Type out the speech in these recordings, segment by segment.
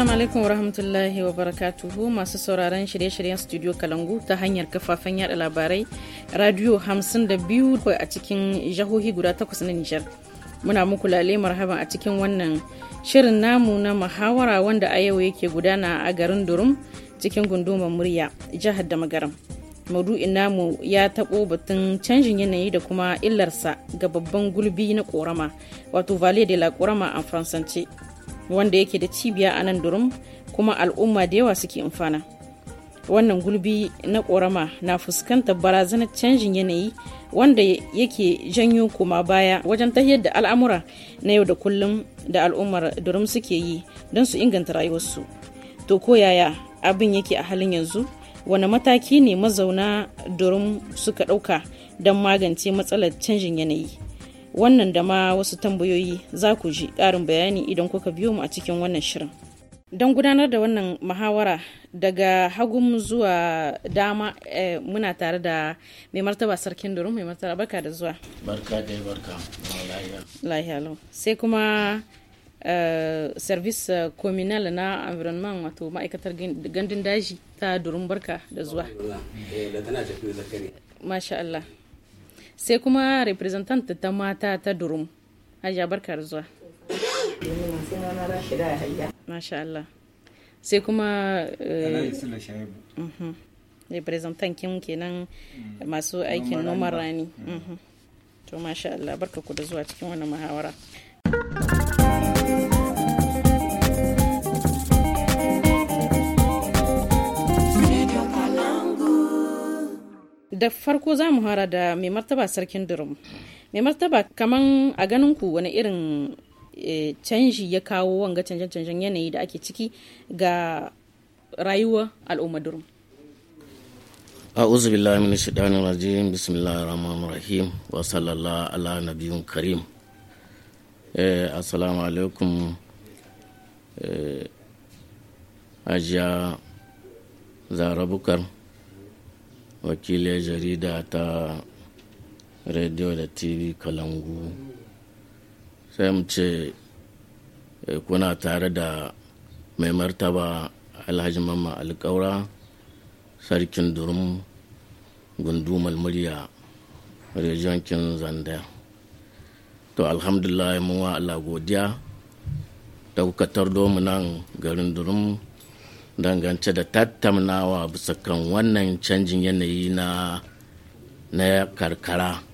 Assalamu alaikum warahmatullahi wabarakatuhu masu sauraron shirye-shiryen studio Kalangu ta hanyar kafafen yada labarai radio 52 a cikin jihohi guda takwas na Nijar. Muna muku lale marhaban a cikin wannan shirin namu na muhawara wanda a yau yake gudana a garin Durum cikin gundumar murya jihar da magaram. Maudu'in namu ya taɓo batun canjin yanayi da kuma illarsa ga babban gulbi na ƙorama wato Valle de la Ƙorama a Faransance. wanda yake da cibiya a nan durum kuma al'umma da yawa suke amfana wannan gulbi na ƙorama na fuskantar barazanar canjin yanayi wanda yake janyo kuma baya wajen tahiyar da al'amura na yau da kullum da al'ummar durum suke yi don su inganta rayuwarsu to ko yaya abin yake a halin yanzu wani mataki ne mazauna durum suka ɗauka don magance matsalar canjin yanayi wannan da ma wasu tambayoyi za ku ji ƙarin bayani idan kuka biyo mu a cikin wannan shirin don gudanar da wannan muhawara daga hagun zuwa dama eh, muna tare da mai martaba sarkin durum mai martaba barka da zuwa barka da barka lahiya sai kuma Uh, service eh, communal na environment wato ma'aikatar gandun daji ta durum barka da zuwa masha Allah sai kuma representant ta mata ta durum hajiya barkar zuwa masha Allah sai kuma eh, mhm. representant kin kenan mm. masu aikin noman rani mm. mhm. to masha Allah barka ku da zuwa cikin wannan muhawara. da farko za mu hara da mai martaba sarkin durum mai martaba kaman a ganin ku wani irin eh, canji ya kawo wanga canjen-canjen yanayi da ake ciki ga rayuwa al'umma durum a uzubillah minash shidani rajim bismillah rahmanir rahim wa sallallahu ala nabiyyun karim eh assalamu alaikum eh ajiya zarabukar wakilin jarida ta radio da tv kalangu sai mu ce eh, kuna tare da mai martaba alhaji mamma alkaura sarkin durum gundumar murya region kin zandar to alhamdulillah mun wa Allah godiya daukatar mu nan garin durum dangance da tattaunawa bisa kan wannan canjin yanayi na na karkara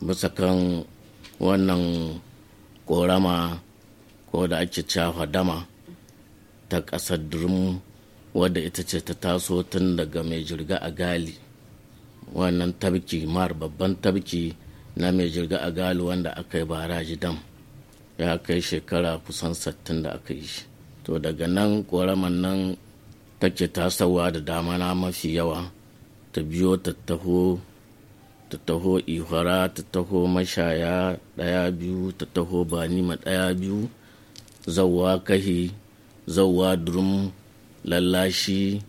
bisa kan wannan korama ko da ake cewa dama ta ƙasar durum wadda ita ce ta taso tun daga mai jirga a gali wannan tabki mar babban tabki na mai jirga a gali wanda aka yi baraji dam ya kai shekara kusan 60 da aka yi shi to daga nan koraman nan take tasowa da dama na mafi yawa ta biyo ta taho ta ihwara ta taho mashaya ɗaya biyu ta taho banima ɗaya biyu zauwa kahi zauwa durum lallashi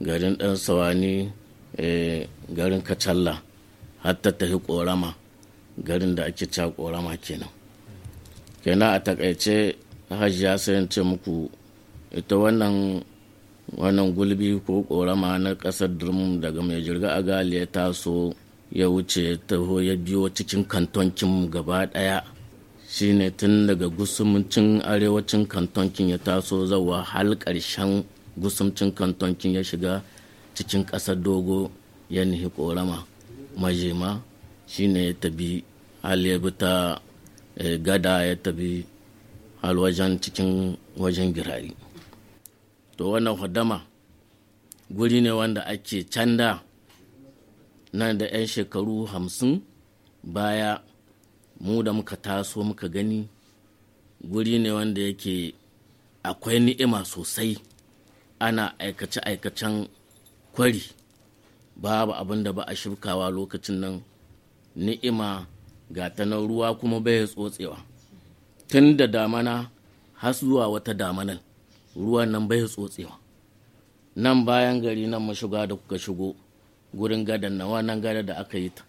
garin ɗan sawani eh, garin kacalla har ta tafi ƙorama garin da ake ca ƙorama kenan kenan a takaice hajji ya sayance muku ita wannan wannan gulbi ko korama na kasar durmu daga mai jirga a gali ya taso ya wuce taho ya biyo cikin kantonkin gaba daya ne tun daga gusumcin arewacin kantonkin ya taso zawa hal karshen gusumcin kantonkin ya shiga cikin kasar dogo ya nihi korama majema ne ya tabi hal ya bi ta eh, gada ya tabi hal wajen cikin wajen girari to wannan hudama guri ne wanda ake canda nan da 'yan shekaru hamsin baya mu da muka taso muka gani guri ne wanda yake akwai ni'ima sosai ana aikace-aikacen kwari babu abin da ba a shirkawa lokacin nan ni'ima ga ta ruwa kuma bai tsotsewa tun da damana har zuwa wata damanan ruwan nan bai tsotsewa nan bayan gari nan mashiga da kuka shigo gurin gadan na wannan gada da aka yi ta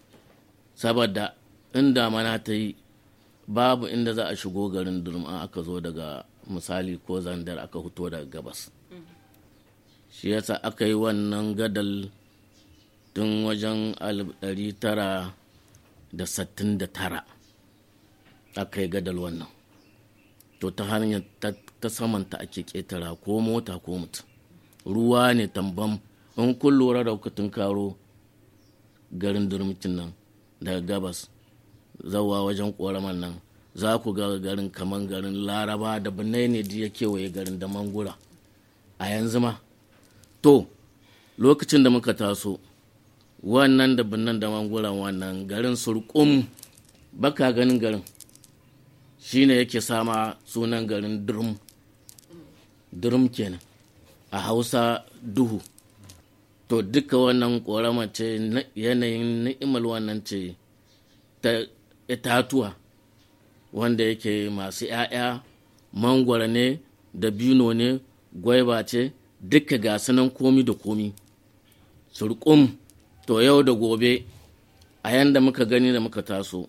saboda in damana ta yi babu inda za a shigo garin durma aka zo daga misali ko zandar aka hito daga gabas shi yasa aka yi wannan gadal tun wajen 1969 aka yi gadal wannan to ta hanyar ta saman ta ake ketara ko mota ko mutum ruwa ne tambam in kun lura da kuka karo garin durmitin nan daga gabas zawa wajen ƙoraman nan za ku ga garin kaman garin laraba da binai ne ya kewaye garin da mangura a yanzu ma to lokacin da muka taso wannan da binan da mangura wannan garin surkum baka ganin garin shine yake sama sunan garin durum durum kenan a hausa duhu to duka wannan korama ce yanayin ni'imar wannan ce ta itatuwa wanda yake masu 'ya'ya mangwara ne da bino ne gwaiba ce duka ga komi da komi surkum to yau da gobe a yanda muka gani da muka taso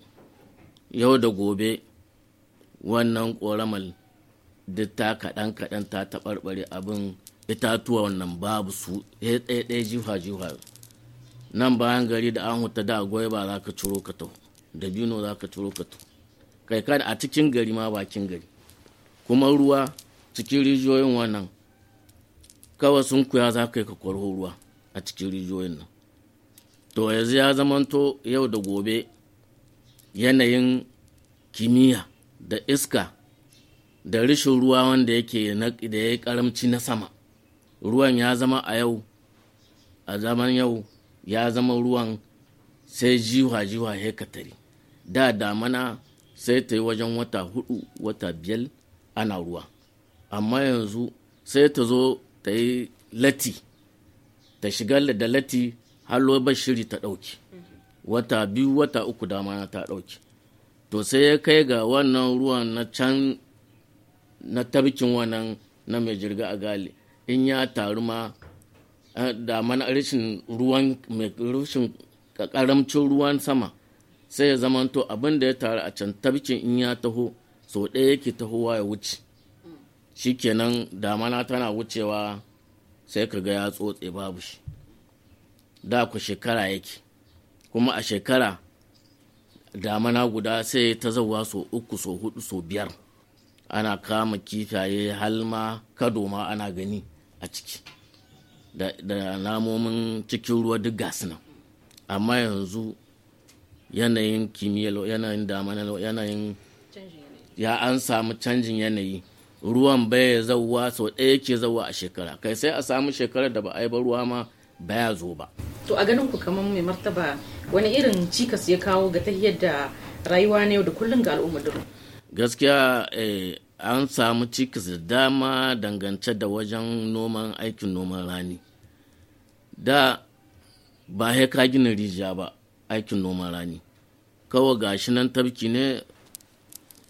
yau da gobe wannan koramal duk ta kaɗan kaɗan ta taɓarɓare abin itatuwa wannan babu su jiha jiha nan bayan gari da an huta da goyi ba za ka ciro ka to da bino za ka ciro ka to kai ka a cikin gari ma bakin gari kuma ruwa cikin rijiyoyin wannan kawai sun kuya za ka yi ka kwarho ruwa a cikin rijiyoyin nan to yanzu ya zamanto yau da gobe yanayin kimiyya da iska da rishin ruwa wanda yake da ya karamci na sama ruwan ya zama a yau a zaman yau ya zama ruwan sai jiwa-jiwa hekatari da damana sai ta yi wajen wata hudu wata biyar ana ruwa amma yanzu sai ta zo ta yi lati ta shiga da lati ba shiri ta ɗauki wata biyu wata uku damana ta ɗauki to sai ya kai ga wannan ruwan na can na tabkin wannan na mai jirga a gali in ya taru ma da mana rashin ruwan rashin karamcin ruwan sama sai ya zama to abin da ya taru a can tabkin in ya taho so ɗaya yake tahowa ya wuce shikenan damana tana wucewa sai ka ga ya tsotse babu shi da ku shekara yake kuma a shekara damana guda sai ta zauwa so uku so hudu so biyar ana kama kifaye halma kado ma ana gani a ciki da, namomin cikin ruwa duk gasu nan amma yanzu yanayin kimiyyar yanayin damanar yanayin ya an samu canjin yanayi ruwan baya zauwa sau ɗaya ke zauwa a shekara kai sai a samu shekarar da ba a yi ba ruwa ma baya zo ba to a ganin ku kamar mai martaba wani irin cikas ya kawo ga ta yadda rayuwa na yau da kullum ga al'ummar gaskiya eh, an samu cikas da dama dangance da wajen noman aikin noman rani da ba ya ka gina rijiya ba aikin noman rani kawai gashi nan tabki ne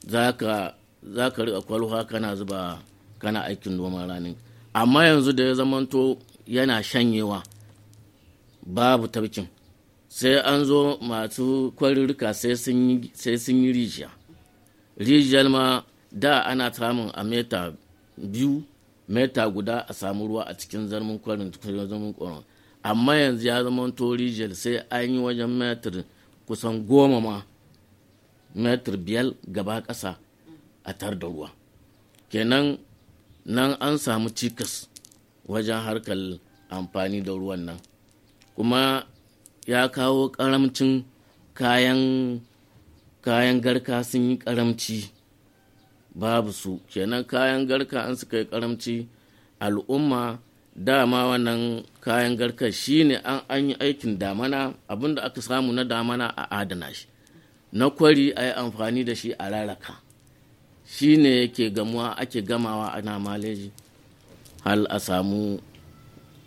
za ka riƙa kwalwa kana zuba kana aikin noman rani amma yanzu da ya zamanto yana shanyewa babu tafkin sai an zo masu kwarirrika sai sun yi rijiya rijiyar ma da ana samun a meta biyu meta guda a samu ruwa a cikin zarmin kwarin zarmin kwarin amma yanzu ya zama rijiyar sai an yi wajen metir kusan goma ma metir biyar gaba ƙasa a tar da ruwa kenan nan an samu cikas wajen harkar amfani da ruwan nan kuma ya kawo karamcin kayan kayan garka sun yi karamci babu su kenan kayan garka an suka yi karamci al'umma dama wannan kayan garka shine an an yi aikin damana abinda aka samu na damana a adana shi na kwari a yi amfani da shi a raraka shi ne yake gamuwa ake gamawa ana maleji hal a samu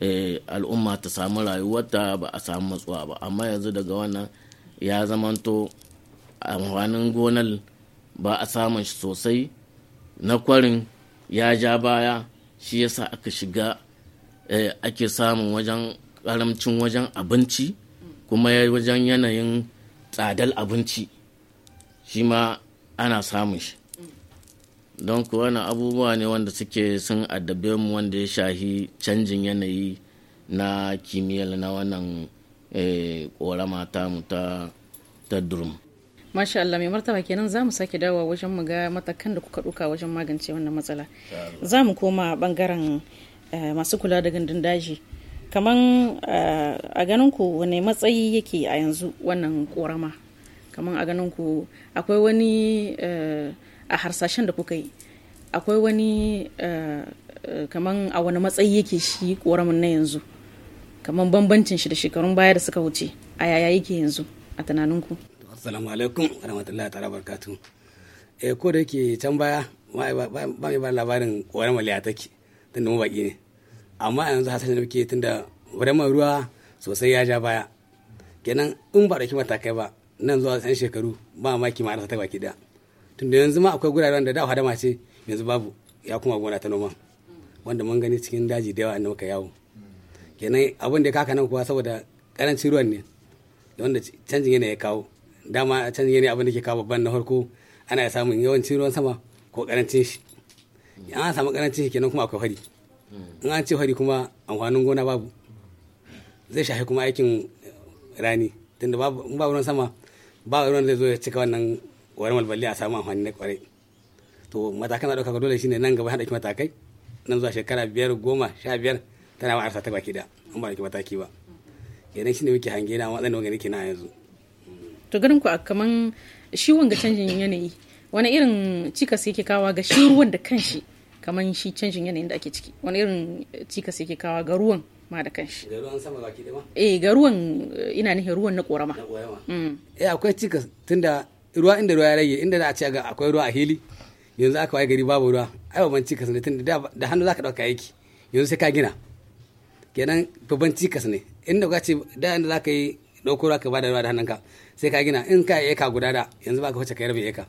eh, al'umma ta samu rayuwarta ba a samu matsuwa ba amma yanzu daga wannan ya zamanto amfanin gonar ba a samun shi sosai na kwarin ya ja baya shi yasa aka shiga eh, ake samun wajen karamcin wajen abinci kuma wajen yanayin tsadar abinci shi ma ana samun shi don kuwa na abubuwa ne wanda suke sun addabe mu wanda ya shahi canjin yanayi na kimiyyar na wannan korama eh, ta mu ta durum masha Allah mai martaba kenan za mu sake dawowa wajen mu ga matakan da kuka ɗauka wajen magance wannan matsala za mu koma bangaren eh, masu kula da gandun daji kaman eh, a ganin ku wani matsayi yake a yanzu wannan korama kaman a ganin ku akwai wani eh, a harsashen da kuka yi akwai wani kaman a wani matsayi yake shi koramin na yanzu kaman bambancin shi da shekarun baya da suka wuce a yaya yake yanzu a tunaninku assalamu alaikum warahmatullahi ta'ala barkatu eh ko da yake can baya ba mai ba labarin koran maliya take tunda mu baki ne amma yanzu hasashen da muke tunda vraiment ruwa sosai ya ja baya kenan in ba dauki matakai ba nan zuwa san shekaru ba ki ma ta baki da tunda yanzu ma akwai guraren da da hadama ce yanzu babu ya kuma gona ta noma wanda mun gani cikin daji da yawa inda muka yawo kenan abin da ya kaka nan kuwa saboda karancin ruwan ne wanda canjin yanayi ya kawo dama can yi abin da ke kawo babban na farko ana samun yawancin ruwan sama ko karancin shi in an samu karancin shi kenan kuma akwai hari in an ce hari kuma amfanin gona babu zai shafi kuma aikin rani tunda babu ruwan sama ba ruwan zai zo ya cika wannan warmal balle a samu amfani na kwarai to matakan da ɗauka dole shine nan gaba haɗa ɗauki matakai nan zuwa shekara biyar goma sha biyar tana ma'arsa ta baki da an ba ɗauki mataki ba idan shine muke hange na matsayin wani ke na yanzu to garin ku a kaman shi wanga canjin yanayi wani irin cikas yake kawa ga shi ruwan da kanshi kaman shi canjin yanayin da ake ciki wani irin cikas yake kawa ga ruwan ma da kanshi ga ruwan sama baki ma eh ga ruwan ina nufin ruwan na korama na mm. eh akwai cikas tunda ruwa inda ruwa ya rage inda za a ce ga akwai ruwa a hili yanzu aka waye gari babu ruwa ai babban cikas ne tunda da hannu zaka dauka aiki yanzu sai ka gina kenan babban cikas ne inda ka ce da inda zaka yi dauko ruwa ka bada ruwa da hannunka sai ka gina in ka eka guda da yanzu baka wace kai rabin eka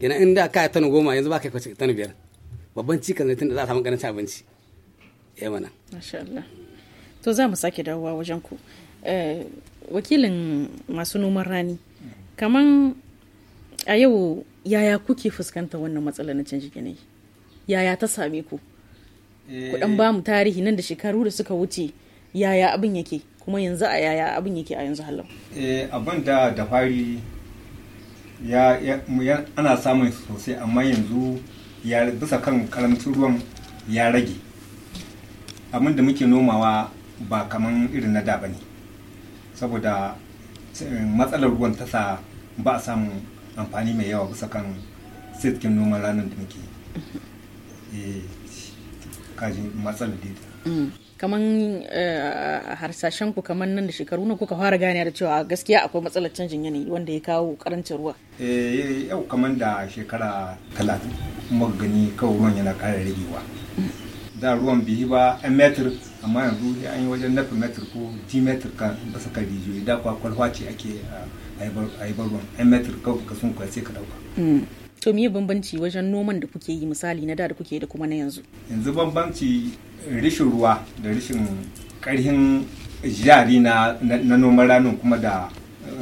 gina in da ka tanu goma yanzu baka wace tanu biyar babban cikin zai tun da za a samu karancin abinci ya eh, mana masha Allah to za mu sake dawowa wajen ku eh, wakilin masu noman rani kaman a yau yaya kuke fuskanta wannan matsala na canji yanayi yaya ta same ku ku eh. ba mu tarihi nan da shekaru da suka wuce yaya abin yake kuma yanzu a yaya abin yake a yanzu halin eh, abin da da fari ana samun sosai amma yanzu ya bisa kan karamcin ruwan ya rage abin da muke nomawa ba kaman irin na da ba ne saboda eh, matsalar ruwan ta sa ba a samun amfani mai yawa bisa kan sitkin noman ranar da muke mm-hmm. eh, kajin matsalar kaman eh, harsashen ku kamar nan da shekaru na kuka fara gane da cewa gaskiya akwai matsalar canjin yanayi wanda ya kawo karancin ruwa eh, yau kaman da shekara talatin kuma gani kawo ruwan yana kara ragewa da ruwan bihi ba a metir amma yanzu ya an yi wajen nafi metir ko ji metir kan ba su rijiyoyi da kwakwalwa ce ake eh, a yi ruwan a metir kawai ka sun kwaya sai ka dauka mm. to me bambanci wajen noman da kuke yi misali na da da kuke da kuma na yanzu yanzu bambanci rishin ruwa da rishin karhin jari na noman ranin kuma da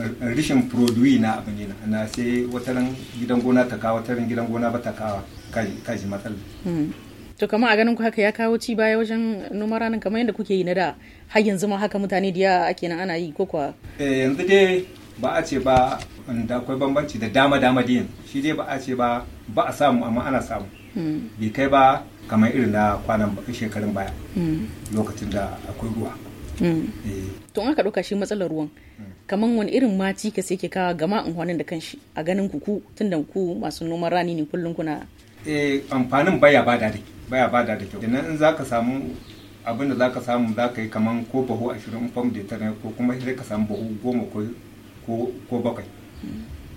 eh, rishin produi na abin na sai wataran gidan gona ta kawo wataran gidan gona ba ta kawa kaji matsala hmm. to kamar a ganin ku haka ya kawo ci baya wajen noman ranin kamar yadda kuke yi na da har yanzu ma haka mutane da ake nan ana yi ko kuwa eh, yanzu dai ba a ce ba da akwai bambanci da dama dama din shi dai ba a ce ba ba a samu amma ana samu hmm. bai kai ba kamar irin na kwanan shekarun baya hmm. lokacin da akwai ruwa hmm. eh. to aka ɗauka shi matsalar ruwan kamar wani irin maci ka sai ke kawo gama amfanin da kanshi a ganin ku tun da ku masu noman rani ne kullum kuna eh amfanin baya ba da baya ba da kyau idan in zaka samu abin da zaka samu zaka yi kaman ko baho 20 fam da ko kuma sai ka samu baho goma ko ko bakwai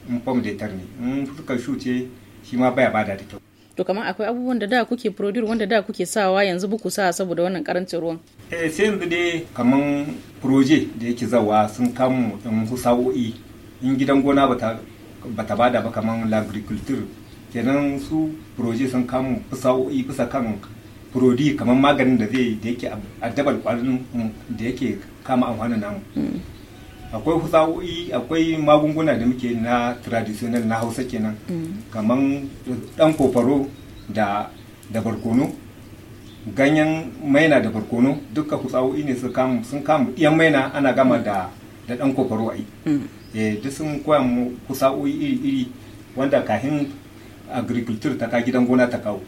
in fom da tar in furka shuce shi ma baya bada da kyau to kamar akwai abubuwan da da kuke produr wanda da kuke sawa yanzu buku sa saboda wannan karancin ruwan eh sai yanzu dai kamar proje da yake zawa sun kamu in sa'o'i in gidan gona bata bata bada ba kamar l'agriculture kenan su proje sun kamu sa'o'i bisa kan prodi kamar maganin da zai da yake addabar kwarin da yake kama amfanin namu mm. akwai hutsa'o'i akwai magunguna da muke na traditional na hausa kenan mm. kamar dan kofaro da da barkono ganyen maina da barkono duka hutsa'o'i ne sun kama sun iyan maina ana gama mm. da da dan kofaro ai mm. eh duk sun koya mu iri iri wanda kahin agriculture ta ka gidan gona ta kawo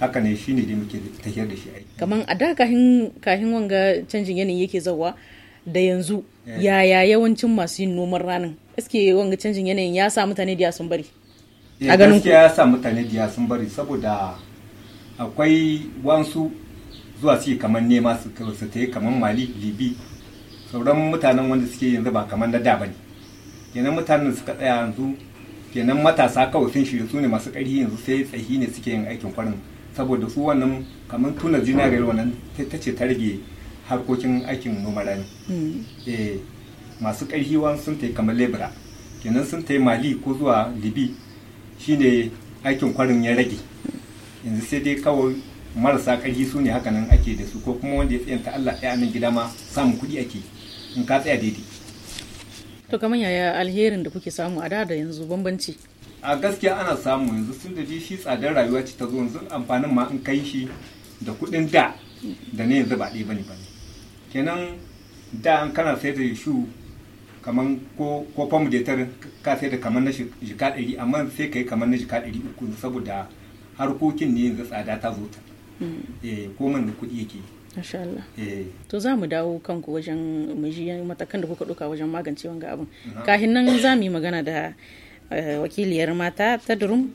haka ne shine da muke tafiyar da shi ai kaman a da kahin kahin wanga canjin yanayi yake zawa da yanzu eh. yaya yawancin masu yin noman ranin gaske wanga canjin yanayin ya sa mutane diya sun bari eh, a ganin ku ya sa mutane diya sun bari saboda akwai wansu zuwa su kamar nema su ta yi kamar mali libi sauran mutanen wanda suke yanzu ba kamar na da ba ne kenan mutanen suka tsaya yanzu kenan matasa kawai sun shirya su ne masu ƙarfi yanzu sai tsahi ne suke yin aikin kwarin saboda su wannan kamar tuna zinariyar wannan ta ce ta rage harkokin aikin noma rani hmm. eh masu ƙarfi wan sun yi kamar lebura kenan sun yi mali ko zuwa libi shine aikin kwarin ya rage yanzu sai dai kawai marasa ƙarfi su ne hakanan ake da su ko kuma wanda ya tsayanta Allah ɗaya nan gida ma samun kuɗi ake in ka tsaya daidai to kamar yaya alherin da kuke samu a da da yanzu bambanci a gaskiya ana samu yanzu sun da shi tsadar rayuwa ce ta zo yanzu amfanin ma in kai shi da kuɗin da da ne yanzu ba ɗaya bane bane kenan da an kana sai da shu kamar ko ko fam jetar ka sai da kamar na jika ɗari amma sai kai kamar na jika ɗari uku saboda harkokin ne yanzu tsada ta zo ta mm. eh ko man da kuɗi yake Masha Allah. Eh. To za mu dawo kanku wajen muji matakan da kuka ɗauka wajen magance wanga abin. Kahin nan za mu yi magana da eh, wakiliyar mata ta durum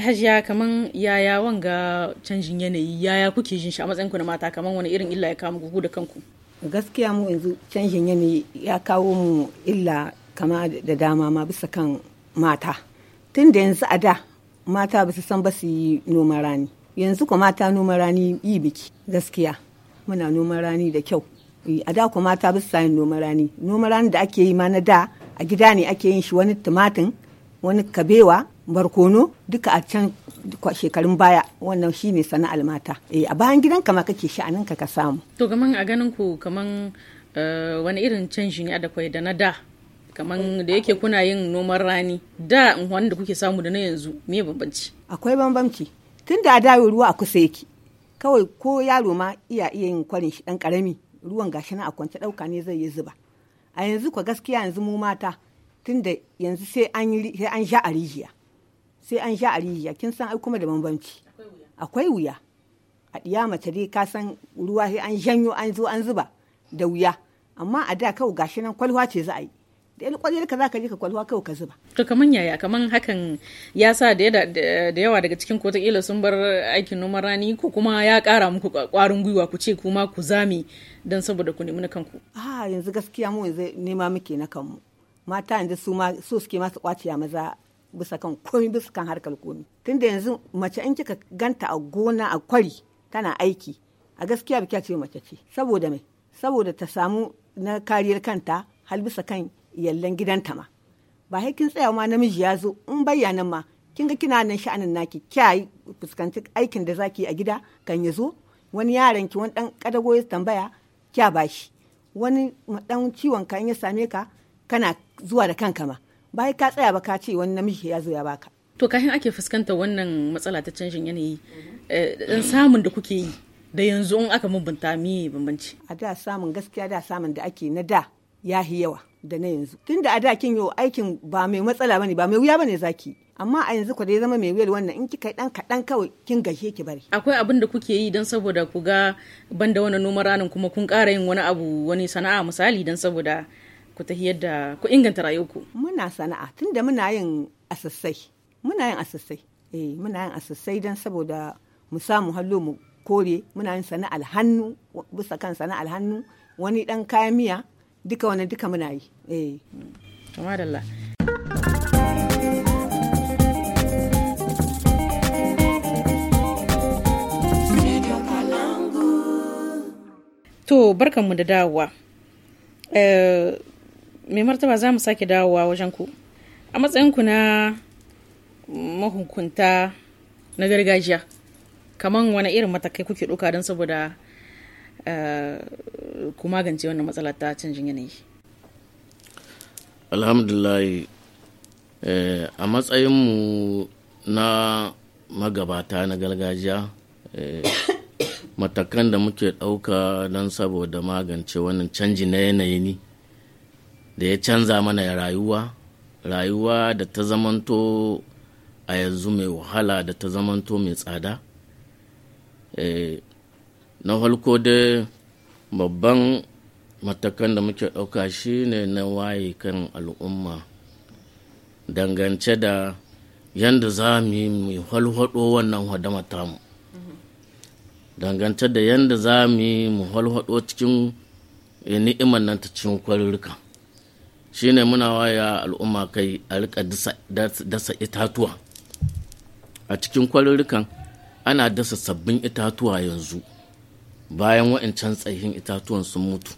hajiya kaman yaya wanga canjin yanayi yaya kuke jin shi a matsayin ku na mata kaman wani irin illa ya kawo gugu da kanku gaskiya mu yanzu canjin yanayi ya kawo mu illa kama da dama ma bisa kan mata tun da yanzu a da mata ba su san ba su yi noman rani yanzu ko mata noman rani yi biki gaskiya muna noman rani da kyau eh, a da ko mata ba su sa yin noman rani noman rani da ake yi ma na da a gida ne ake yin shi wani tumatin wani kabewa barkono duka a can shekarun baya wannan shi ne sana'ar mata eh a bayan gidan kama kake sha'anin ka ka samu to kaman a ganin ku kaman eh, wani irin canji ne da kwai da na da kaman da yake kuna yin noman rani da wanda kuke samu da na yanzu me bambanci akwai bambanci tun da a dawo ruwa a kusa yake kawai ko yaro ma iya iya yin kwarin shi dan karami ruwan gashi na a kwance dauka ne zai yi zuba a yanzu kwa gaskiya yanzu mu mata da yanzu sai an sha a rijiya sai an sha a kin san ai kuma da bambanci akwai wuya a ɗiya mace dai ka san ruwa sai an janyo an zo an zuba da wuya amma a da kawai gashi nan kwalwa ce za a yi da yan kwalwar ka za ka je ka kwalwa kawai ka zuba. to kaman yaya kaman hakan ya sa da yawa daga cikin ko kila sun bar aikin noman rani ko kuma ya kara muku kwarin gwiwa ku ce kuma ku zame don saboda ku nemi na kanku. ah yanzu gaskiya mu yanzu nema muke na kanmu mata yanzu su ma so suke masu kwaciya maza bisa kan komi bisa kan harkar komi da yanzu mace in kika ganta a gona a kwari tana aiki a gaskiya ba ce mace ce saboda mai saboda ta samu na kariyar kanta har bisa kan yallan gidanta ma ba hai kin tsaya ma namiji ya zo in bayyana ma kin ga kina nan sha'anin naki kyai fuskanci aikin da zaki a gida kan ya zo wani yaron ki wani dan kadago ya tambaya kya bashi wani dan ciwon ka in ya same ka kana zuwa da kanka ma bayan ka tsaya ba ka ce wani namiji ya zo ya baka to kafin ake fuskantar wannan matsala ta canjin yanayi eh, dan samun da kuke yi da yanzu in aka mabunta mi bambanci a da samun gaskiya da samun da ake na da ya yahi yawa da na yanzu tunda a da kin yau aikin ba mai matsala bane ba mai wuya bane zaki amma a yanzu ku dai zama mai wuyar wannan in kika dan kaɗan kawai kin gashe ki bari akwai abin da kuke yi don saboda ku ga banda wani noman ranin kuma kun kara yin wani abu wani sana'a misali don saboda ku tahiyar da ku inganta rayuwarku muna sana'a tunda muna yin asassai muna yin asassai eh muna yin asassai don saboda mu samu hallo mu kore muna yin sana'ar hannu bisa kan sana'ar hannu wani dan kayan miya duka wani duka muna yi eh Kamar Allah To, barkanmu da dawowa. Eh, mai martaba za mu sake dawowa wajen ku a matsayinku na mahukunta na gargajiya kamar wani irin matakai kuke ɗauka don saboda eh, ku magance wannan matsalar ta canjin yanayi alhamdulillah eh, a matsayin mu na magabata na gargajiya eh, matakan da muke ɗauka don saboda magance wannan canji na yanayi ne da ya canza mana rayuwa rayuwa da ta zamanto a yanzu mai wahala da ta zamanto mai tsada eh, na halko dai babban matakan da muke ɗauka shi ne na waye kan al'umma dangance da yadda za mu yi halhaɗo wannan hadama tamu dangance da yadda za mu yi mu cikin eh, ni'imannan ta cikin kwarurruka shine muna waya al'umma kai a rika dasa itatuwa a cikin kwarurrukan ana dasa sabbin itatuwa yanzu bayan wa'ancan tsayin itatuwan sun mutu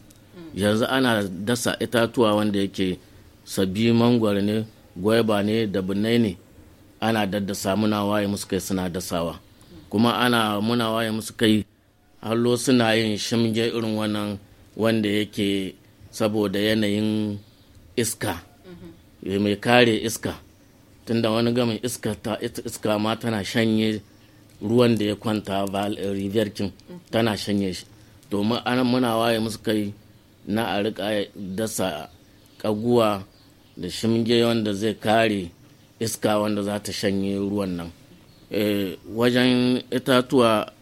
yanzu ana dasa itatuwa wanda yake sabi mangwar ne gwaiba ne da bunai ne ana daddasa muna waye musu kai suna dasawa kuma ana muna waye musu kai hallo suna yin shimge irin wannan wanda yake saboda yanayin iska mai kare iska tunda wani gamin iska ta iska ma tana shanye ruwan da ya kwanta river king tana shanye shi domin an muna waye musu kai na a rika dasa kaguwa da shimge wanda zai kare iska wanda za ta shanye ruwan nan eh, wajen itatuwa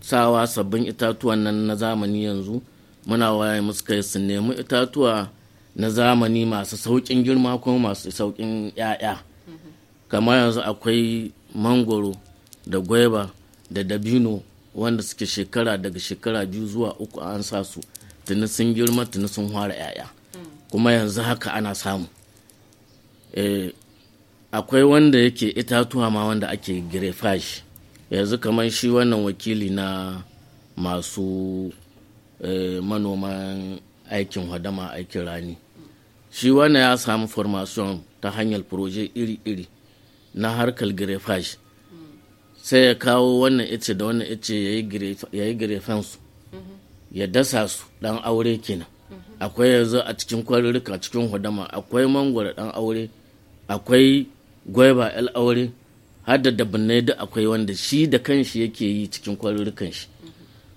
sawa sabbin itatuwan nan na zamani yanzu muna waye musu kai su nemi itatuwa na zamani masu sauƙin girma kuma masu saukin 'ya'ya kamar yanzu akwai mangoro da gwaiba da dabino wanda suke shekara daga shekara biyu zuwa uku an sa su tuni sun girma tuni sun fara 'ya'ya kuma yanzu haka ana samu eh, akwai wanda yake itatuwa ma wanda ake girefash yanzu kamar shi wannan wakili na masu e, manoman aikin hadama aikin rani shi wannan ya samu formation ta hanyar proje iri-iri na harkar grefage sai ya kawo wannan ice da wannan ice ya yi grefensu ya dasa su dan aure kenan akwai yanzu a cikin kwarurruka cikin hudama akwai mangwara dan aure akwai gwaiba el aure har da dabbinai da akwai wanda shi da kanshi yake yi cikin kwarurrukan shi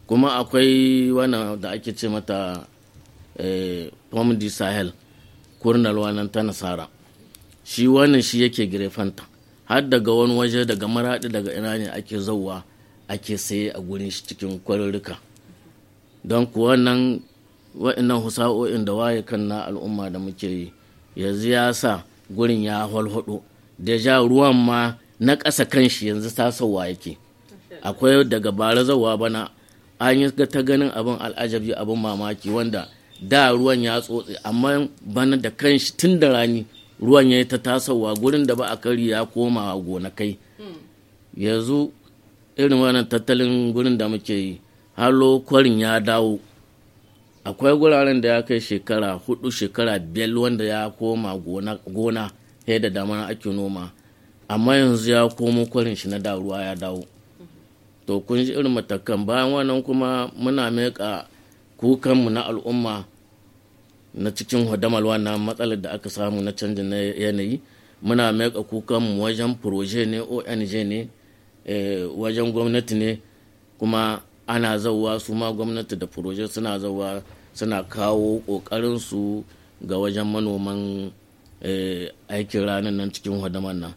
kuma akwai wannan da ake ce mata eh, sahel kurnal wannan ta nasara shi wannan shi yake girefanta har daga wani waje daga maraɗi daga ina ne ake zauwa ake saye a gurin shi cikin kwarurruka don kuwa nan wa'annan husa'o'in da waye kan na al'umma da muke yi yanzu ya sa gurin ya halhaɗo da ja ruwan ma na ƙasa kan shi yanzu sauwa yake akwai daga bara zauwa bana an yi ta ganin abin al'ajabi abin mamaki wanda da ruwan ya tsotse amma bana da kanshi tun da rani ruwan ya yi ta tasowa gurin da ba a kari ya koma a gonakai yanzu irin wannan tattalin gurin da muke yi halo kwarin ya dawo akwai guraren da ya kai shekara hudu shekara biyar wanda ya koma gona sai da damana ake noma amma yanzu ya komo kwarin shi na da ruwa ya dawo to kun ji irin matakan bayan wannan kuma muna meka kukanmu na al'umma na cikin hadamalwa na matsalar da aka samu na canjin na yanayi muna meka kukanmu wajen proje ne ong ne eh, wajen gwamnati ne kuma ana zauwa su ma gwamnati da proje suna zauwa suna kawo su ga wajen manoman eh, aikin ranar nan cikin hudamar nan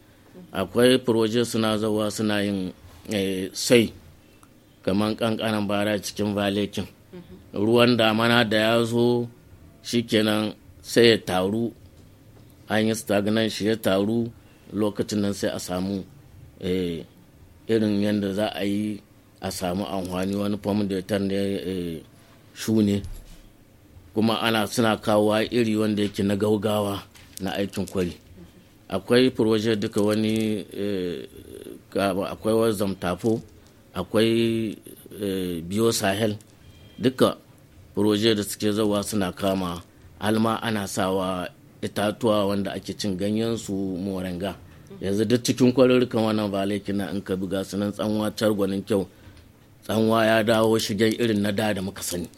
akwai proje suna zauwa suna yin eh, sai kamar kankanan bara cikin valekin ruwan damana da ya zo shikenan sai ya taru an yi stagnan shi ya taru lokacin nan sai a samu eh, irin yadda za a yi a samu amfani wani da da ya eh, ne kuma ana suna kawowa iri wanda yake na gaugawa na aikin kwari akwai proje duka wani eh, akwai zamtafo akwai biyo sahel duka proje da suke zawa suna kama alma ana sawa itatuwa wanda ake cin ganyen su moranga yanzu duk cikin kwarurrukan wannan valley kina in ka buga sunan tsanwa gwanin kyau tsanwa ya dawo shigen irin na da da muka sani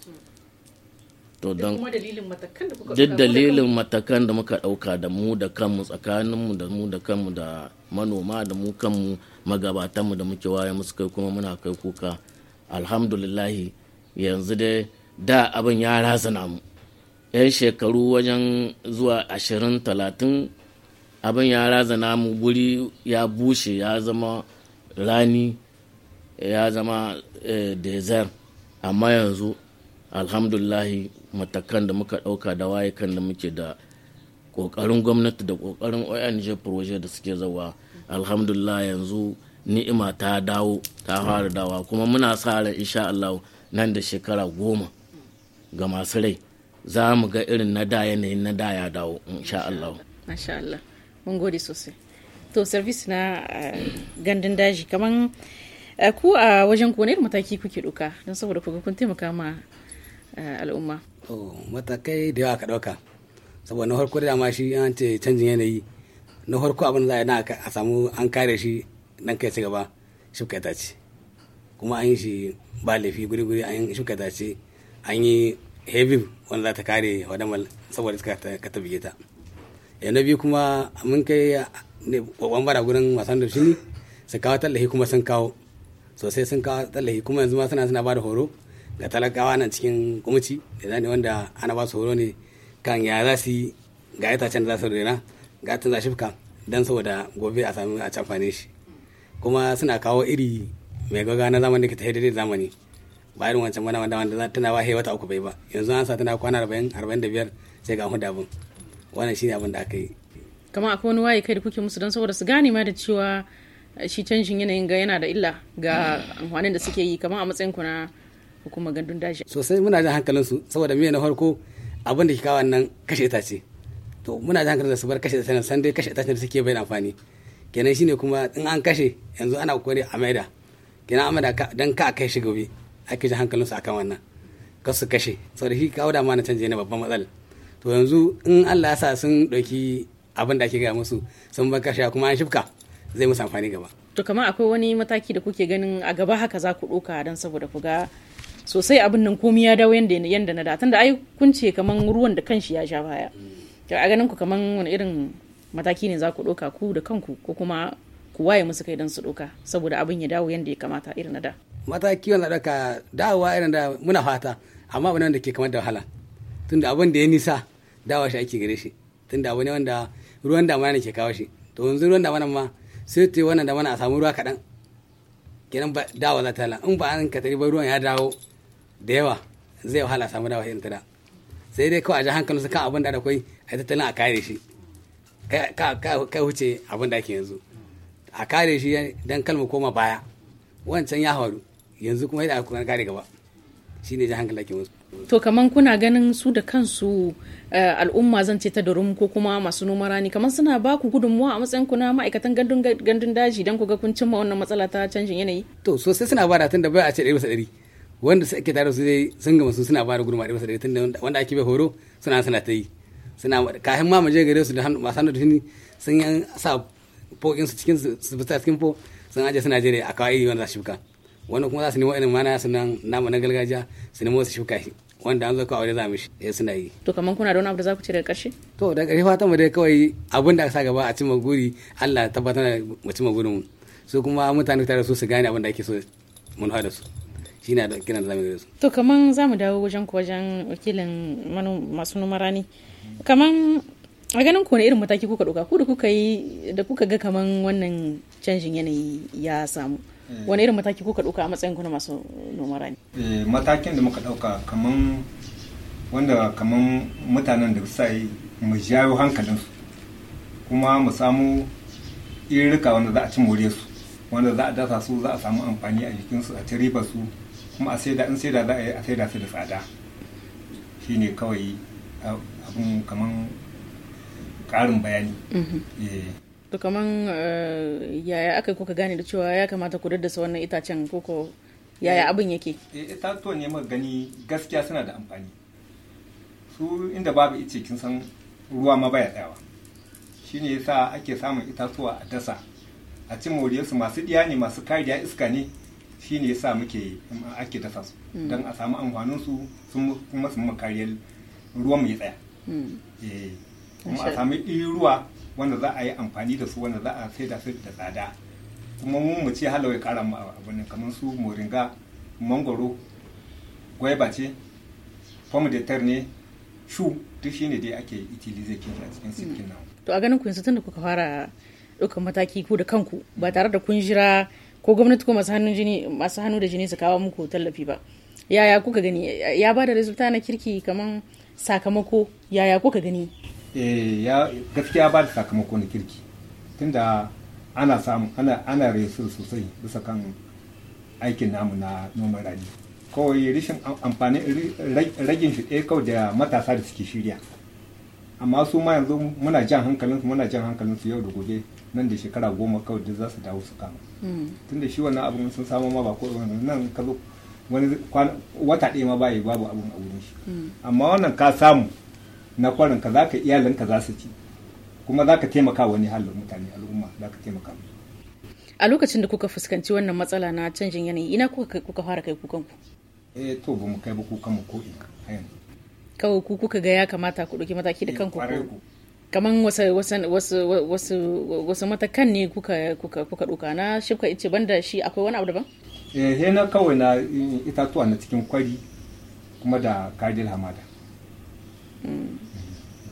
to don duk dalilin matakan da muka dauka da mu da kanmu tsakaninmu da mu da kanmu da manoma da mu kanmu magabatanmu da muke waye musu kai kuma muna kai kuka alhamdulillahi yanzu dai da abin ya razana mu yan shekaru wajen zuwa ashirin talatin abin ya razana mu guri ya bushe ya zama rani ya zama eh, dezer amma yanzu alhamdulahi matakan da muka ɗauka da wayekan da muke da ƙoƙarin gwamnati da ƙoƙarin ong proje da suke zawa alhamdulahi yanzu ni'ima ta dawo ta fara dawa kuma muna sa ran insha Allah nan da shekara goma ga masu rai za mu ga irin na da yanayin na da ya dawo insha Allah. Masha Allah, mun gode sosai. To, service na eh, gandun daji, kaman eh, ku a wajen ku ne mataki kuke ɗauka don saboda kuka kun taimaka ma eh, al'umma. Oh, matakai da yawa ka dauka. Saboda na farko da dama shi an ce canjin yanayi. Na farko abin za a samu an kare shi nan kai ci gaba, shi ta ce. Kuma an yi shi ba laifi guri-guri an shuka ce an yi heavy wanda za ta kare wadamal saboda ka ta bige ta yana eh, biyu kuma mun kai bara gurin wasan da shini su kawo tallahi kuma sun kawo sosai sun kawo tallahi kuma yanzu ma suna suna ba da horo ga talakawa nan cikin kumuci da zane wanda ana ba su horo ne kan ya za su yi ga itacen da za su rena ga tun za shifka don saboda gobe a sami a camfane shi kuma suna kawo iri mai gaga na zamani da ke tafiya zamani ba irin wancan bana wanda wanda tana wahe wata uku bai ba yanzu an sa tana kwana arba'in arba'in da biyar sai ga hudu abin wannan shine abin da aka yi kamar akwai wani waye kai da kuke musu don saboda su gane ma da cewa shi canjin yanayin ga yana da illa ga amfanin da suke yi kamar a matsayin ku na hukumar gandun daji sosai muna jan hankalin su saboda me na farko abin da ke kawo nan kashe ce to muna jan hankalin da su bar kashe itace san dai kashe ce da suke bai amfani kenan shine kuma in an kashe yanzu ana kokari a maida kina amma dan ka kai shi gobe ake ji hankalin su akan wannan ka su kashe saboda shi kawo da ma na canje ne babban matsala to yanzu in Allah ya sa sun ɗauki abin da ake gaya musu sun bar kashe kuma an shifka zai musu amfani gaba to kamar akwai wani mataki da kuke ganin a gaba haka za ku ɗauka don saboda ku ga sosai abin nan komi ya dawo yanda yanda na da tunda ai kun ce kaman ruwan da kanshi ya sha baya to a ganin ku kaman wani irin mataki ne za ku ɗauka ku da kanku ko kuma ku waye musu kai don su ɗauka saboda abin ya dawo yadda ya kamata irin na da. mataki wanda ɗauka dawowa irin da muna fata amma abin da ke kamar da wahala tunda abin da ya nisa dawa shi ake gare shi tunda abu ne wanda ruwan damana ne ke kawo shi to yanzu ruwan damana ma sai ta yi wannan damana a samu ruwa kaɗan kenan ba dawa za ta in ba an katari ba ruwan ya dawo da yawa zai wahala samu dawa irin ta da sai dai kawai a ji hankali su kan abin da akwai a yi tattalin a kare shi kai huce abin da ake yanzu a kare shi dan kalma koma baya wancan ya faru yanzu kuma yadda aka kare gaba shi ne jan hankali ake wasu. to kaman kuna ganin su da kansu eh, al'umma zan ce ta durum ko kuma masu noma rani kaman suna ba ku gudunmuwa a matsayin ku na ma'aikatan gandun daji don ku ga kun cimma wannan matsala ta canjin yanayi. to sosai suna ba da tun da bai a ce ɗari bisa ɗari wanda suke tare su zai sun gama su suna ba da gudunmuwa ɗari bisa ɗari tun da wanda ake bai horo suna suna ta yi suna kafin ma mu je gare su da masu hannu da sun sa fokin su cikin su bisa cikin fo sun aje suna jere a kawai yi wanda shuka wani kuma za su nemo irin mana su nan namu na gargajiya su nemo su shuka shi wanda an zo kawai da za mu shi eh, suna yi to kaman kuna da wani abu da za ku ce daga ƙarshe to daga ƙarshe fatan mu dai kawai abin da aka sa gaba a cimma guri Allah tabbatar mu cimma gurin mu su kuma mutane tare su su gane abin da ake so mun da su shi na da kiran zamu da su to kaman zamu dawo wajen ku wajen wakilin masu numara ne. kaman a ganin ku ne irin mataki kuka ɗauka ku da kuka yi da kuka ga kaman wannan canjin yanayi ya samu eh. wani irin mataki kuka ɗauka a matsayin kuna masu noma rani eh, matakin da muka ɗauka kaman wanda kaman mutanen da sa yi mu hankalin su kuma mu samu irinka wanda za a ci more su wanda za a dasa su za a samu amfani a jikinsu a ci riba su kuma a saida in saida za a yi a saida su da tsada shine kawai abin kaman karin bayani mhm. eh. to kaman eh, yaya aka yi kuka gane da cewa ya kamata ku daddasa wannan itacen koko yaya eh, abin yake itatuwan ne gani gaskiya suna da amfani su inda babu ice kin san ruwa ma baya tsayawa shine yasa ake samun itatuwa a dasa a ci moriyarsu masu ɗiya ne masu kariya iska ne shine yasa muke um, ake dasa su mm. don a samu amfanin su kuma su ruwan mu tsaya mm. a sami ruwa wanda za a yi amfani da su wanda za a sai da su da tsada kuma mun mu ce halawai kara mu abin kamar su moringa mangoro gwaiba ce pomdetar ne shu duk shine dai ake itilize kin a cikin sirkin mm. nan to a ganin ku yanzu tunda kuka fara ɗaukar mataki ku da kanku ba tare da kun jira ko gwamnati ko masu hannun jini masu hannu da jini su kawo muku tallafi ba yaya kuka gani ya ba da resulta na kirki kamar sakamako yaya kuka gani Eh, ya gaskiya ba da sakamako na kirki tunda ana samu ana ana resu sosai bisa kan aikin namu na noman rani kawai rishin amfani ragin shi ɗaya kawai da matasa da suke shirya amma su ma yanzu muna jan hankalinsu muna jan hankalinsu yau da gobe nan da shekara goma kawai da za su dawo su kama hmm. tunda shi wannan abin sun samu ma ba ko nan ka zo wani wata ɗaya ma yi babu abin a wurin shi hmm. amma wannan ka samu na kwarin ka zaka iyalin ka za su ci kuma zaka taimaka wani halin mutane al'umma zaka taimaka musu a lokacin da kuka fuskanci wannan matsala na canjin yanayi ina kuka kuka fara kai kukan ku eh to ba mu kai ba kukan mu ko ina kawai ku kuka ga ya kamata ku ɗauki mataki da eh, kanku kaman wasu wasu wasu wasu matakan ne kuka kuka kuka ɗauka na shifka ice banda shi akwai wani abu daban eh he na kawai na itatuwa na cikin kwari kuma da kadil hamada mm.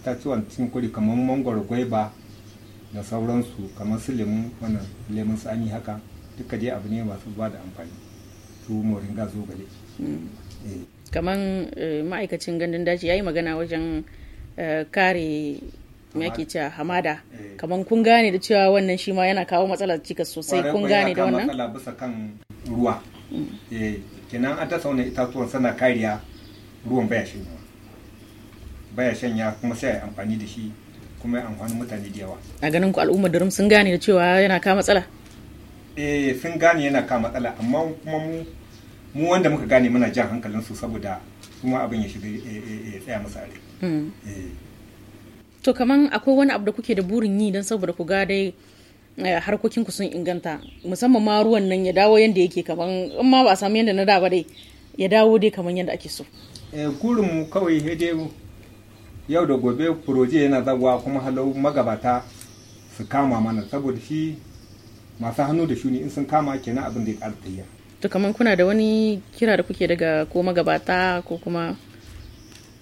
itatuwan cikin kuri kamar mangwar gwaiba da sauransu kamar su lemu wannan lemun tsami haka duka dai abu ne masu ba da amfani su moringa zo gale hmm. eh. kamar eh, ma'aikacin gandun daji ya yi magana wajen eh, kare yake cewa hamada kamar kun gane da cewa wannan shi ma yana kawo matsalar cikas sosai kun gane da wannan matsala bisa kan ruwa hmm. kenan an ta sauna itatuwan sana kariya ruwan baya shi baya shanya kuma sai amfani da shi kuma ya amfani mutane da yawa a ganin ku al'ummar da sun gane da cewa yana kawo matsala eh sun gane yana kawo matsala amma kuma mu mu wanda muka gane muna jan hankalin su saboda kuma abin ya shiga ya tsaya masa a hmm. eh. to kaman akwai wani abu da kuke da burin yi don saboda ku ga dai eh, harkokin ku sun inganta musamman ma ruwan nan ya dawo yadda yake kaman in ma ba a samu yadda na da ba dai ya dawo dai kaman yadda ake so eh, gurin mu kawai dai yau da gobe furoje yana zagwa kuma halau magabata su kama mana saboda shi masu hannu da shuni in sun kama kenan abin da ya ƙara tayya to kamar kuna da wani kira da kuke daga ko magabata ko kuma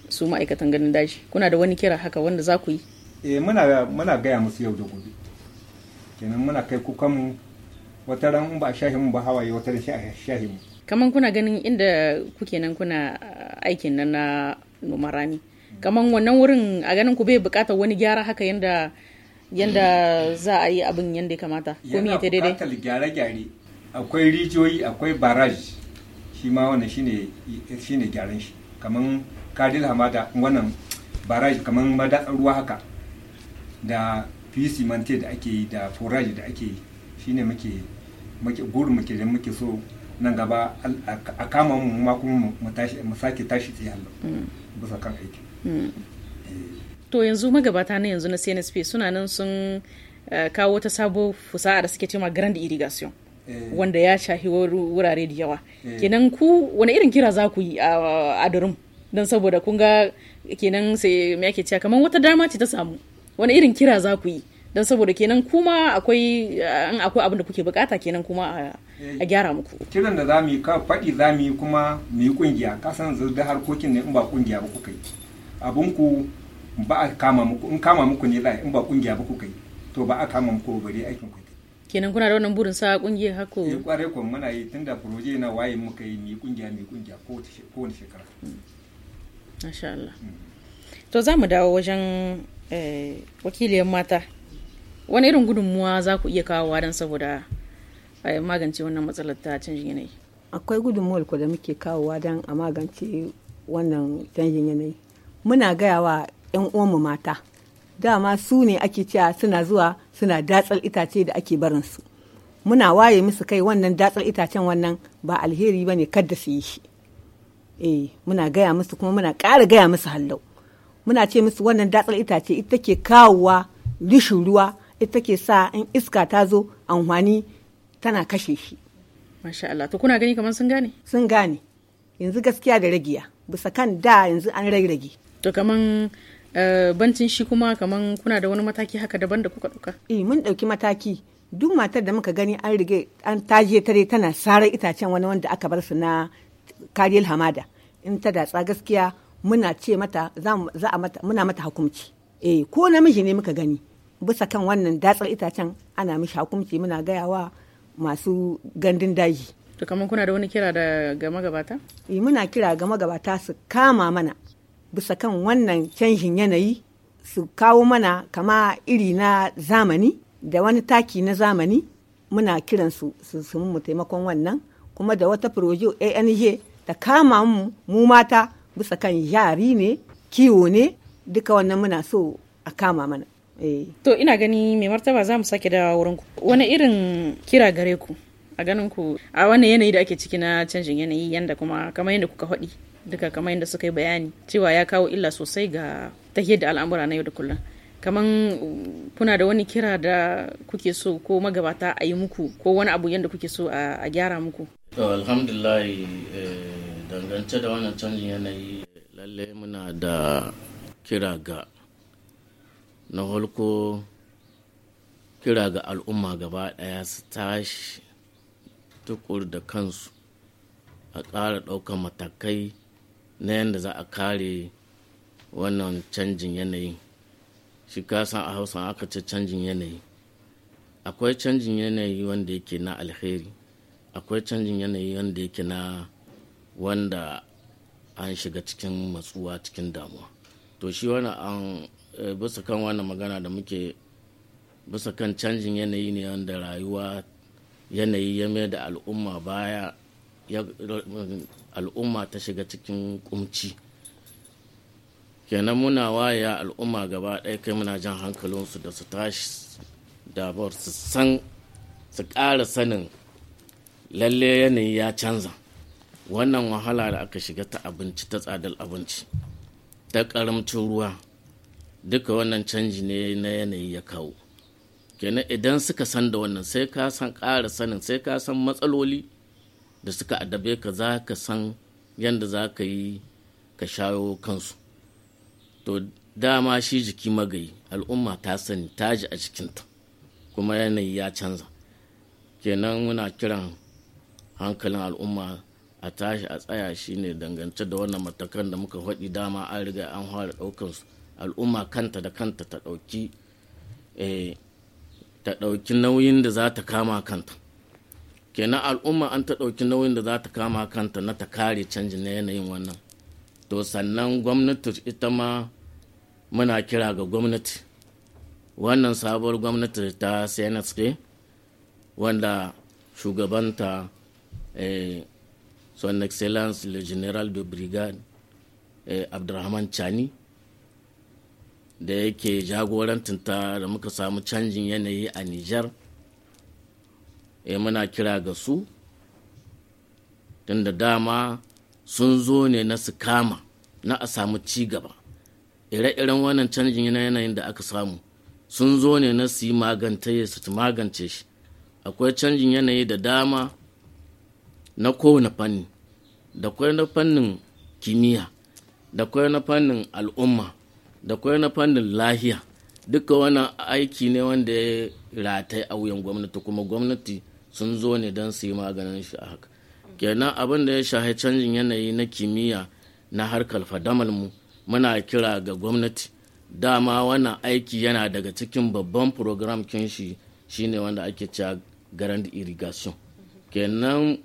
su ma'aikatan ganin daji kuna da wani kira haka wanda za ku yi eh muna muna gaya musu yau da gobe kenan muna kai kukan mu wata ran ba a shahi mu ba hawaye wata ran shahin mu kamar kuna ganin inda kuke nan kuna aikin nan na numarani rani kamar wannan wurin a ganin ku bai bukatar wani gyara haka yanda yanda za a yi abin yanda ya kamata ko me ta daidai yana gyare-gyare akwai rijiyoyi akwai baraj shi ma wannan shine shine gyaran shi kamar kadil hamada wannan baraj kamar madatsar ruwa haka da pc mante da ake yi da foraj da ake yi shine muke muke gurin muke da muke so nan gaba a kama mu ma kuma mu sake tashi tsaye Allah mm. bisa kan aiki to yanzu magabata na yanzu na cnsp suna nan sun eh, kawo ta sabo fusa'a da suke cewa grand irrigation eh. wanda ya shahi wurare da yawa eh. kenan ku wani irin kira za ku yi a durum don saboda kun ga kenan sai me ake cewa kamar wata dama ce ta samu wani irin kira za ku yi don saboda kenan kuma akwai an akwai abin da kuke bukata kenan kuma a gyara muku kiran da mu yi ka faɗi mu yi kuma mu yi kungiya kasan zurga harkokin ne in ba kungiya ba kuka yi abunku ba a kama muku in kama muku ne lai in ba kungiya ba ku kai to ba a kama muku bare aikin ku kenan kuna da wannan burin sa kungiyar hako eh kware ko muna yi tunda proje na waye muka yi ni kungiya ni kungiya ko wani shekara mm. masha Allah to za mu dawo wajen eh, wakiliyar mata wani irin gudunmuwa za ku iya kawowa don saboda eh, magance wannan matsalar ta canjin yanayi akwai gudunmuwar ku da muke kawowa don a magance wannan canjin yanayi muna gaya wa 'yan uwanmu mata dama su ne ake cewa suna zuwa suna datsal itace da ake barin su muna waye musu kai wannan datsal itacen wannan ba alheri ba ne kadda su yi shi eh muna gaya musu kuma muna ƙara gaya musu hallau muna ce musu wannan datsal itace ita ke kawowa rishin ruwa ita ke sa in iska ta zo amfani tana kashe shi masha Allah to kuna gani kamar sun gane sun gane yanzu gaskiya da ragiya bisa kan da yanzu an rage to kaman eh, bancin shi kuma kaman kuna da wani mataki haka daban da kuka ɗauka eh mun ɗauki mataki duk matar da muka gani an rige an taje tare tana sarar itacen wani wanda aka bar su na kariyar hamada in ta datsa gaskiya muna ce mata za a mata muna mata hukunci eh ko namiji ne muka gani bisa kan wannan datsar itacen ana mishi hukunci muna gayawa masu gandun daji to kamar kuna da wani kira da ga magabata eh muna kira ga magabata su kama mana bisa kan wannan canjin yanayi su kawo mana kama iri na zamani da wani taki na zamani muna kiransu su mu taimakon wannan kuma da wata proje ANJ ta kama mu mata bisa kan yari ne kiwo ne duka wannan muna so a kama mana eh. to ina gani mai martaba za mu sake dawa wurin ku wani irin kira gare ku a ganin ku a wannan yanayi da ake ciki na canjin yanayi yanda kuma kamar yadda kuka faɗi duka kamar yadda suka yi bayani cewa ya kawo illa sosai ga tahiyar da al'amura na yau da kullum kamar mm, kuna da wani kira da kuke so ko magabata a yi muku ko wani abu yadda kuke so a gyara muku alhamdulillah eh, dangance da wannan canjin yanayi lalle muna da kira ga na holko kira ga al'umma gaba daya su tashi tukur da kansu a ƙara ɗaukar matakai na yadda za a kare wannan canjin yanayi shi kasan a hausa aka ce canjin yanayi akwai canjin yanayi wanda yake na alheri akwai canjin yanayi wanda yake na wanda an shiga cikin matsuwa cikin damuwa to shi wani an eh, bisa kan wani magana da muke bisa kan canjin yanayi ne wanda rayuwa yanayi ya mai da al'umma baya al'umma ta shiga cikin kumci kenan muna waya al'umma gaba ɗaya kai muna jan hankalinsu da su tashi dabar su san su ƙara sanin lalle yanayi ya canza wannan wahala da aka shiga ta abinci ta tsadar abinci ta karamcin ruwa duka wannan canji ne na yanayi ya kawo kenan idan suka san da wannan sai ka san ƙara sanin sai ka san matsaloli da suka addabe ka za ka san yadda za ka yi ka shayo kansu to dama shi jiki magayi al'umma ta sani ta ji a cikinta kuma yanayi ya canza kenan muna kiran hankalin al'umma a tashi a tsaya shi ne dangance da wannan matakan da muka faɗi dama an riga an fara ɗaukansu al'umma kanta da kanta eh, ta ɗauki nauyin da za ta kama kanta kenan al'umma an ta ɗauki nauyin da za ta kama kanta na ta kare canji na yanayin wannan to sannan gwamnati ita ma muna kira ga gwamnati wannan sabuwar gwamnati ta cnsk wanda shugabanta eh, son excellence le general de brigade eh, abdurrahman chani da yake jagorantinta da muka samu canjin yanayi a nijar. e muna kira ga su tunda dama sun zo ne na su kama na a samu ci gaba ire-iren wannan canjin na yanayin da aka samu sun zo ne na su yi magance su magance shi akwai canjin yanayi da dama na kowane fanni da kwai na fannin kimiyya da kwai na fannin al'umma da kwai na fannin lahiya duka wannan aiki ne wanda ya ratai a wuyan gwamnati kuma gwamnati sun zo ne don su yi maganin shi a haka kenan abin da ya shahi canjin yanayi na kimiyya na harkar fadamar mu muna kira ga gwamnati dama wannan aiki yana daga cikin babban program kin shi shine wanda ake cewa grand irrigation kenan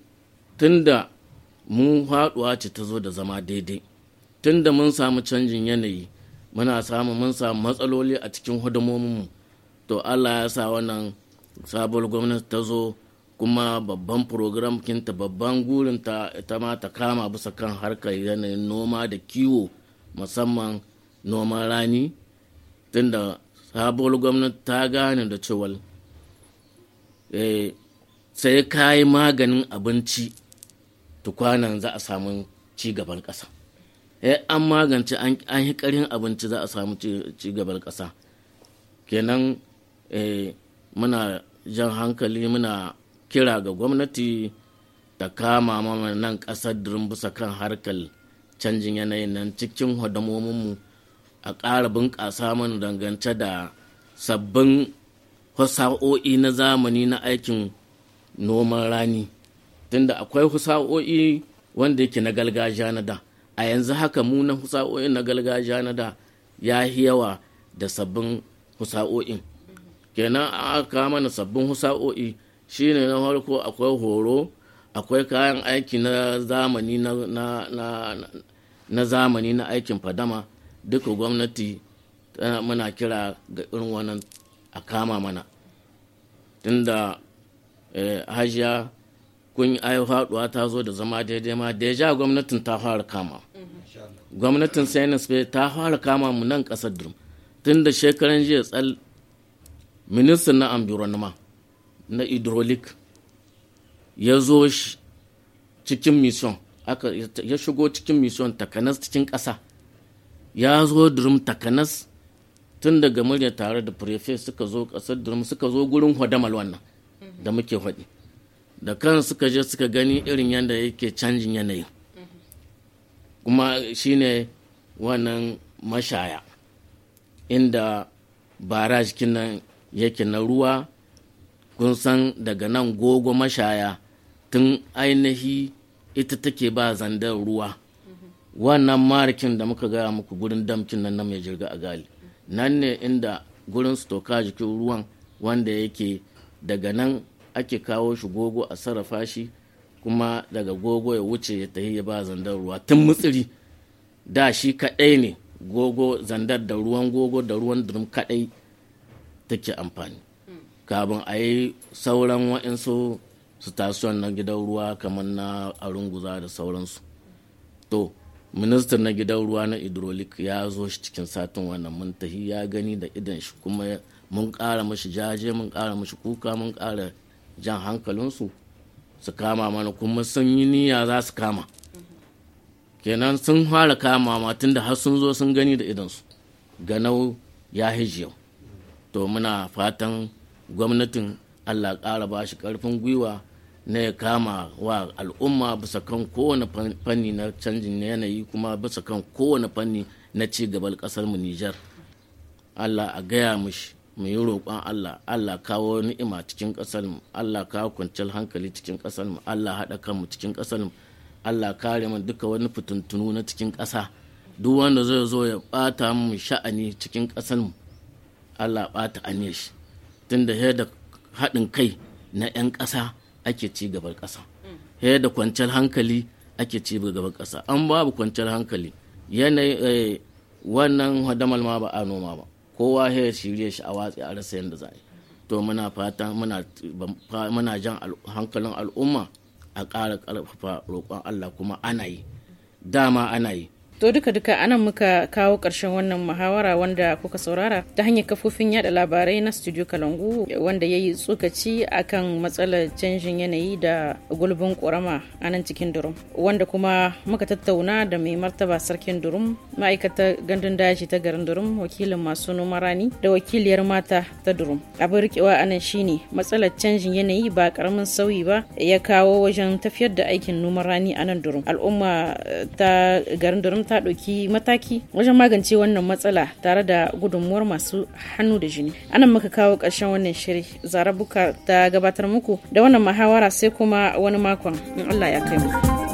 tunda mu haduwa ce ta zo da zama daidai tunda mun samu canjin yanayi muna samu mun samu matsaloli a cikin hudumomin mu to allah ya sa wannan sabuwar gwamnati ta zo kuma babban program kinta babban gurinta ita ma ta kama bisa kan harkar yanayin noma da kiwo musamman noman rani tunda sabuwar gwamnati ta gane da cewa eh, sai kayi maganin abinci tukwanan za a samu cigaban ƙasa eh, an magance an yi ƙarin abinci za a samu cigaban ƙasa kenan eh, muna jan hankali muna kira ga gwamnati ta kama mana nan ƙasar bisa kan harkar canjin yanayin nan cikin mu a ƙara bunƙasa mana dangance da sabbin husa'o'i na zamani na aikin noman rani tunda akwai husa'o'i wanda yake na gargajiya na da a yanzu haka mu na husa'o'in na gargajiya na da ya yawa da sabbin husa'o'in kenan aka mana sabbin husa'o'i shi ne na farko akwai horo akwai kayan aiki na zamani na zamani na aikin fadama duka gwamnati eh, muna kira ga irin wannan a kama mana tunda eh, hajiya kun ayi faduwa ta zo da zama daidai ma deja gwamnatin ta fara kama gwamnatin sayanisbe ta fara kama mu nan kasar durum tun da shekaran jiya tsal ministan na environment na hydraulic ya zo cikin mission aka ya shigo cikin mission takanas cikin ƙasa ya zo drum takanas tun daga murya tare da preface suka zo ƙasar drum suka zo gurin hodamal wannan da muke haɗi da kan suka je suka gani irin yadda yake canjin yanayi kuma shine wannan mashaya inda bara kinan nan yake na ruwa kun san daga nan gogo mashaya tun ainihi ita take ba zandar ruwa wannan marikin da muka gaya muku gurin damkin nan na mai jirga a gali nan ne inda gurin stoka jikin ruwan wanda yake daga nan ake kawo shi gogo a sarrafa shi kuma daga gogo ya wuce ya tahi ya ba zandar ruwa tun mutsiri da shi kaɗai ne gogo zandar da ruwan gogo da ruwan durum kaɗai take amfani kafin a yi sauran wa'insu sitasiyon na gidan ruwa kamar na arunguza da sauransu to ministan na gidan ruwa na hydraulic ya zo shi cikin satin wannan mun ya gani da idan shi kuma mun ƙara mashi jaje mun ƙara mashi kuka mun ƙara jan hankalinsu su kama mana kuma sun yi niyya za su kama kenan sun fara kama ma tun da har sun zo sun gani da idansu ganau ya hijiyau to muna fatan gwamnatin allah ƙara ba shi ƙarfin gwiwa na ya kama wa al'umma bisa kan kowane fanni na canjin yanayi kuma bisa kan kowane fanni na ci gaban ƙasar mu nijar allah a gaya mushi mu yi roƙon allah allah kawo ni'ima cikin ƙasar mu allah kawo kwanciyar hankali cikin ƙasar mu allah haɗa kanmu cikin ƙasar mu allah kare mu duka wani fitintunu na cikin ƙasa duk wanda zai zo ya ɓata mu sha'ani cikin ƙasar mu allah ɓata aniyar shi tunda he da haɗin kai na 'yan ƙasa ake ci gaban ƙasa he da kwanciyar hankali ake ci gaban ƙasa an babu kwanciyar hankali yanayi eh, wannan hadamal ma ba a noma ba kowa he shirye shi a watsi a rasa yadda za a yi to muna fata muna jan hankalin al'umma a ƙara ƙarfafa roƙon Allah kuma ana yi dama ana yi To duka-duka anan muka kawo ƙarshen wannan muhawara wanda kuka saurara ta hanyar kafofin yada labarai na Studio Kalangu wanda ya yi tsokaci akan matsalar canjin yanayi da gulbin ƙorama a nan cikin Durum. Wanda kuma muka tattauna da mai martaba sarkin Durum, ma'aikatar gandun daji ta garin Durum, wakilin masu noma rani da wakiliyar mata ta Durum. Abin rikewa anan shine matsalar canjin yanayi ba karamin sauyi ba ya kawo wajen tafiyar da aikin noman rani a nan Durum. Al'umma eh, ta garin Durum ta ɗauki mataki wajen magance wannan matsala tare da gudunmuwar masu hannu da jini anan muka kawo ƙarshen wannan shiri zarabuka da gabatar muku da wannan muhawara sai kuma wani makon in allah ya kai mu.